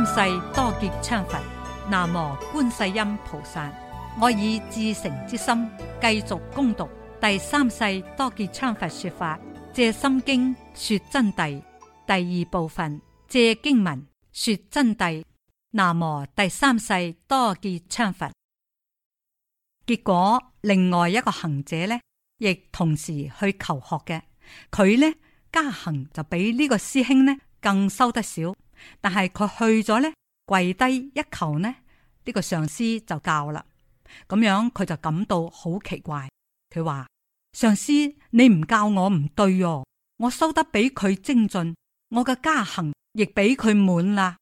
三世多杰羌佛，南無觀世音菩薩。我以至誠之心繼續攻讀第三世多杰羌佛說法，借心經說真諦第二部分，借經文說真諦。南無第三世多杰羌佛。結果另外一個行者呢，亦同時去求學嘅，佢呢加行就比呢個師兄呢更收得少。但係佢去咗呢跪低一求呢？呢、這個上師就教啦，咁樣佢就感到好奇怪。佢話：上師，你唔教我唔對哦，我修得比佢精進，我嘅加行亦比佢滿啦。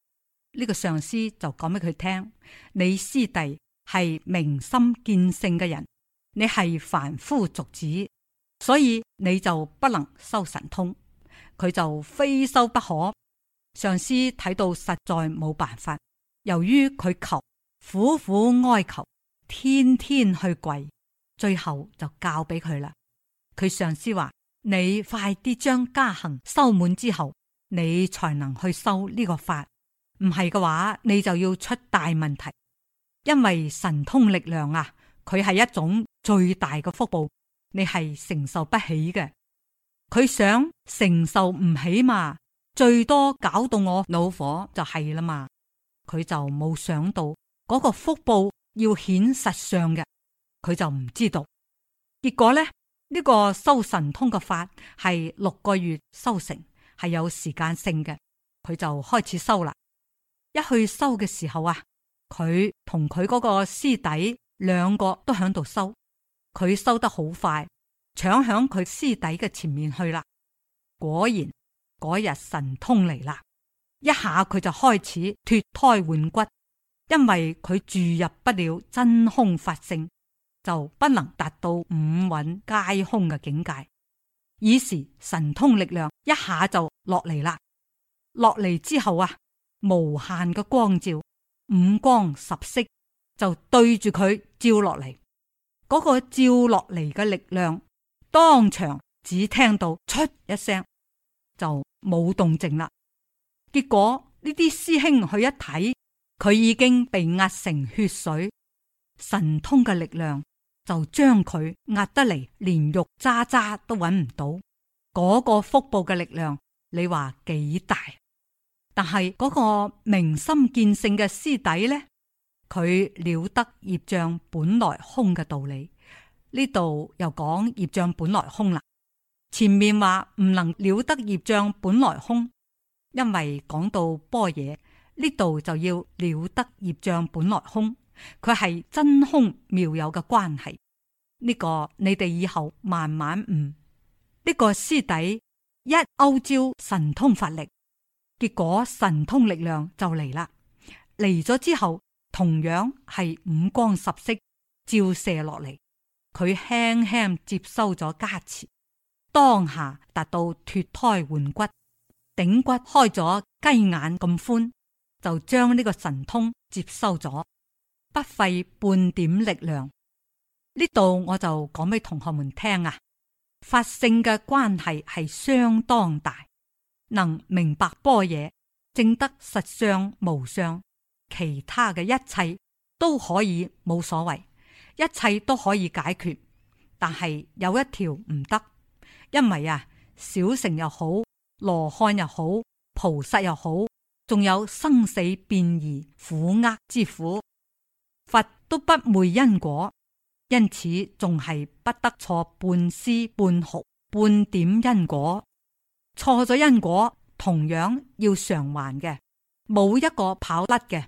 呢、這個上師就講俾佢聽：你師弟係明心見性嘅人，你係凡夫俗子，所以你就不能修神通。佢就非修不可。上司睇到實在冇辦法，由於佢求苦苦哀求，天天去跪，最後就教俾佢啦。佢上司話：你快啲將家行收滿之後，你才能去修呢個法。唔係嘅話，你就要出大問題，因為神通力量啊，佢係一種最大嘅福報，你係承受不起嘅。佢想承受唔起嘛？最多搞到我惱火就係啦嘛，佢就冇想到嗰個福報要顯實相嘅，佢就唔知道。結果呢，呢、呢個修神通嘅法係六個月修成，係有時間性嘅。佢就開始修啦，一去修嘅時候啊，佢同佢嗰個師弟兩個都喺度修，佢修得好快，搶響佢師弟嘅前面去啦。果然。嗰日神通嚟啦，一下佢就開始脫胎換骨，因為佢注入不了真空法性，就不能達到五蘊皆空嘅境界。於是神通力量一下就落嚟啦，落嚟之後啊，無限嘅光照，五光十色就對住佢照落嚟，嗰、那個照落嚟嘅力量，當場只聽到出一聲。就冇動靜啦。結果呢啲師兄去一睇，佢已經被壓成血水。神通嘅力量就將佢壓得嚟，連肉渣渣都揾唔到。嗰、那個腹部嘅力量，你話幾大？但係嗰個明心見性嘅師弟呢，佢了得業障本來空嘅道理。呢度又講業障本來空啦。前面話唔能了得業障本來空，因為講到般若，呢度就要了得業障本來空，佢係真空妙有嘅關係。呢個你哋以後慢慢悟。呢個師弟一歐招神通法力，結果神通力量就嚟啦，嚟咗之後同樣係五光十色照射落嚟，佢輕輕接收咗加持。當下達到脫胎換骨，頂骨開咗雞眼咁寬，就將呢個神通接收咗，不費半點力量。呢度我就講俾同學們聽啊，法性嘅關係係相當大，能明白般若，正得實相無相，其他嘅一切都可以冇所謂，一切都可以解決，但係有一條唔得。因為啊，小乘又好，羅漢又好，菩薩又好，仲有生死變異苦厄之苦，佛都不昧因果，因此仲係不得錯半絲半毫半點因果，錯咗因果同樣要償還嘅，冇一個跑甩嘅。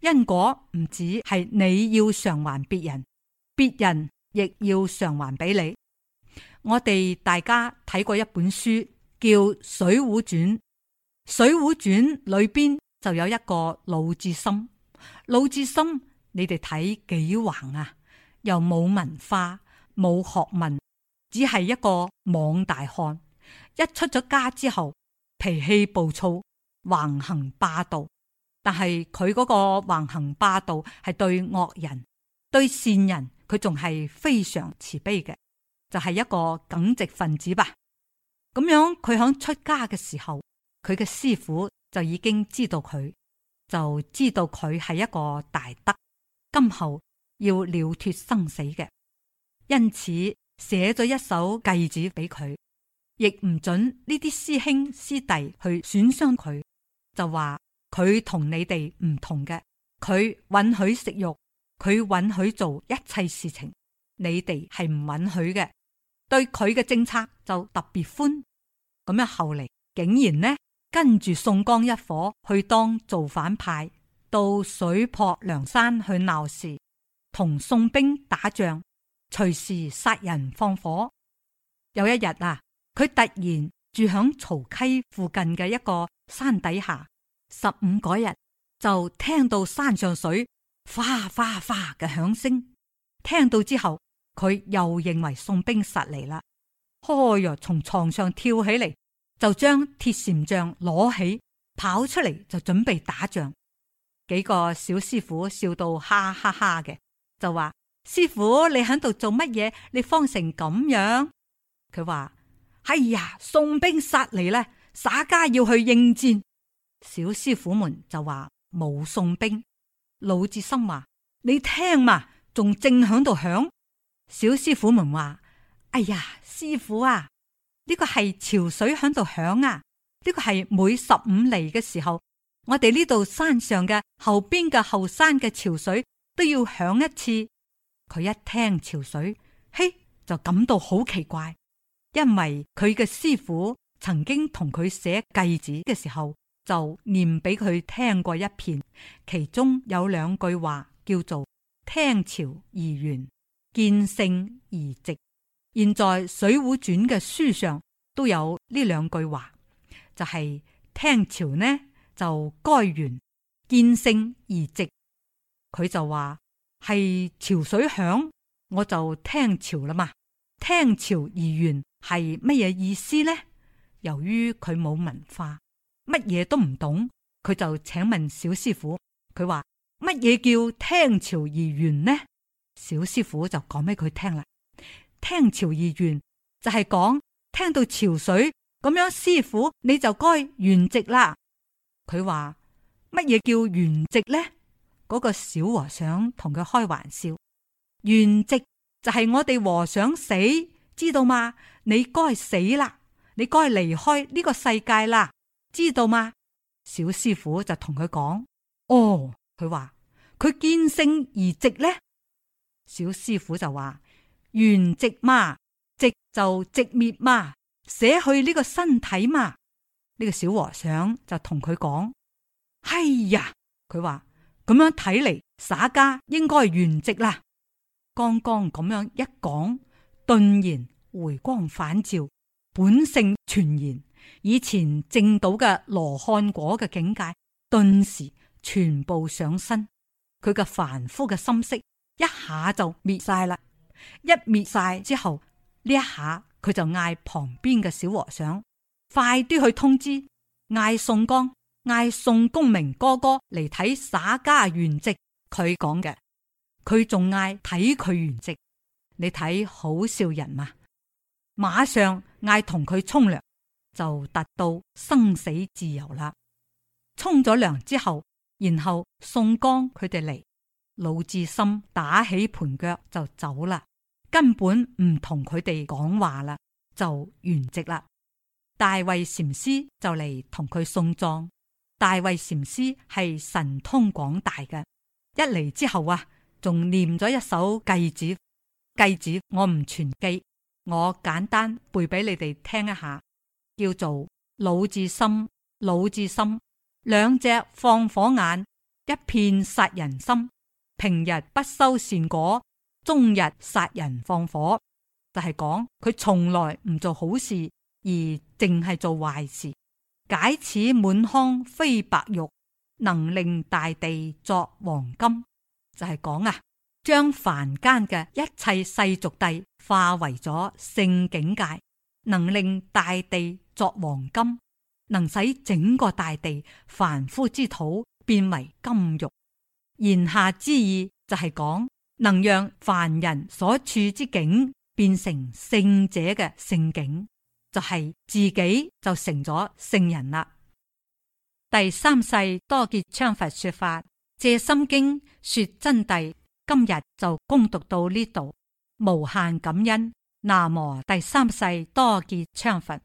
因果唔止係你要償還別人，別人亦要償還俾你。我哋大家睇過一本書，叫《水滸傳》。《水滸傳》裏邊就有一個魯智深。魯智深，你哋睇幾橫啊？又冇文化，冇學問，只係一個莽大漢。一出咗家之後，脾氣暴躁，橫行霸道。但係佢嗰個橫行霸道係對惡人，對善人佢仲係非常慈悲嘅。就係一個耿直分子吧。咁樣佢響出家嘅時候，佢嘅師父就已經知道佢，就知道佢係一個大德，今後要了脱生死嘅。因此寫咗一首偈子俾佢，亦唔准呢啲師兄師弟去損傷佢。就話佢同你哋唔同嘅，佢允許食肉，佢允許做一切事情，你哋係唔允許嘅。對佢嘅政策就特別寬，咁樣後嚟，竟然呢跟住宋江一伙去當造反派，到水泊梁山去鬧事，同宋兵打仗，隨時殺人放火。有一日啊，佢突然住響曹溪附近嘅一個山底下，十五個日就聽到山上水嘩嘩嘩嘅響聲，聽到之後。佢又認為宋兵殺嚟啦，開若從床上跳起嚟，就將鐵禪杖攞起，跑出嚟就準備打仗。幾個小師傅笑到哈哈哈嘅，就話：師傅你喺度做乜嘢？你慌成咁樣？佢話：哎呀，宋兵殺嚟咧，灑家要去應戰。小師傅們就話：冇宋兵。魯智深話：你聽嘛，仲正響度響。小師傅們話：哎呀，師傅啊，呢、這個係潮水喺度響啊！呢、這個係每十五厘嘅時候，我哋呢度山上嘅後邊嘅後山嘅潮水都要響一次。佢一聽潮水，嘿，就感到好奇怪，因為佢嘅師傅曾經同佢寫偈子嘅時候，就念俾佢聽過一遍，其中有兩句話叫做聽潮而圓。見性而直，現在《水滸傳》嘅書上都有呢兩句話，就係、是、聽潮呢就該圓，見性而直。佢就話係潮水響，我就聽潮啦嘛。聽潮而圓係乜嘢意思呢？由於佢冇文化，乜嘢都唔懂，佢就請問小師傅，佢話乜嘢叫聽潮而圓呢？小師傅就講俾佢聽啦，聽潮而圓就係、是、講聽到潮水咁樣，師傅你就該圓寂啦。佢話乜嘢叫圓寂呢？嗰、那個小和尚同佢開玩笑，圓寂就係我哋和尚死，知道嗎？你該死啦，你該離開呢個世界啦，知道嗎？小師傅就同佢講：哦，佢話佢見性而寂呢？小師父就話：圓寂嘛，寂就寂滅嘛，捨去呢個身體嘛。呢、這個小和尚就同佢講：係、哎、呀，佢話咁樣睇嚟，灑家應該係圓寂啦。剛剛咁樣一講，頓然回光返照，本性全然，以前證到嘅羅漢果嘅境界，頓時全部上身。佢嘅凡夫嘅心息。一下就滅晒啦！一滅晒之後，呢一下佢就嗌旁邊嘅小和尚快啲去通知，嗌宋江、嗌宋公明哥哥嚟睇灑家圓寂。佢講嘅，佢仲嗌睇佢圓寂。你睇好笑人嘛、啊？馬上嗌同佢沖涼，就達到生死自由啦！沖咗涼之後，然後宋江佢哋嚟。魯智深打起盤腳就走啦，根本唔同佢哋講話啦，就圓寂啦。大慧禪師就嚟同佢送葬。大慧禪師係神通廣大嘅，一嚟之後啊，仲念咗一首偈子。偈子我唔全記，我簡單背俾你哋聽一下，叫做魯智深，魯智深，兩隻放火眼，一片殺人心。平日不修善果，終日殺人放火，就係講佢從來唔做好事，而淨係做壞事。解此滿腔非白玉，能令大地作黃金，就係、是、講啊，將凡間嘅一切世俗諦化為咗聖境界，能令大地作黃金，能使整個大地凡夫之土變為金玉。言下之意就係、是、講，能讓凡人所處之境變成聖者嘅聖境，就係、是、自己就成咗聖人啦。第三世多杰羌佛說法，借心經說真諦。今日就恭讀到呢度，無限感恩。南無第三世多杰羌佛。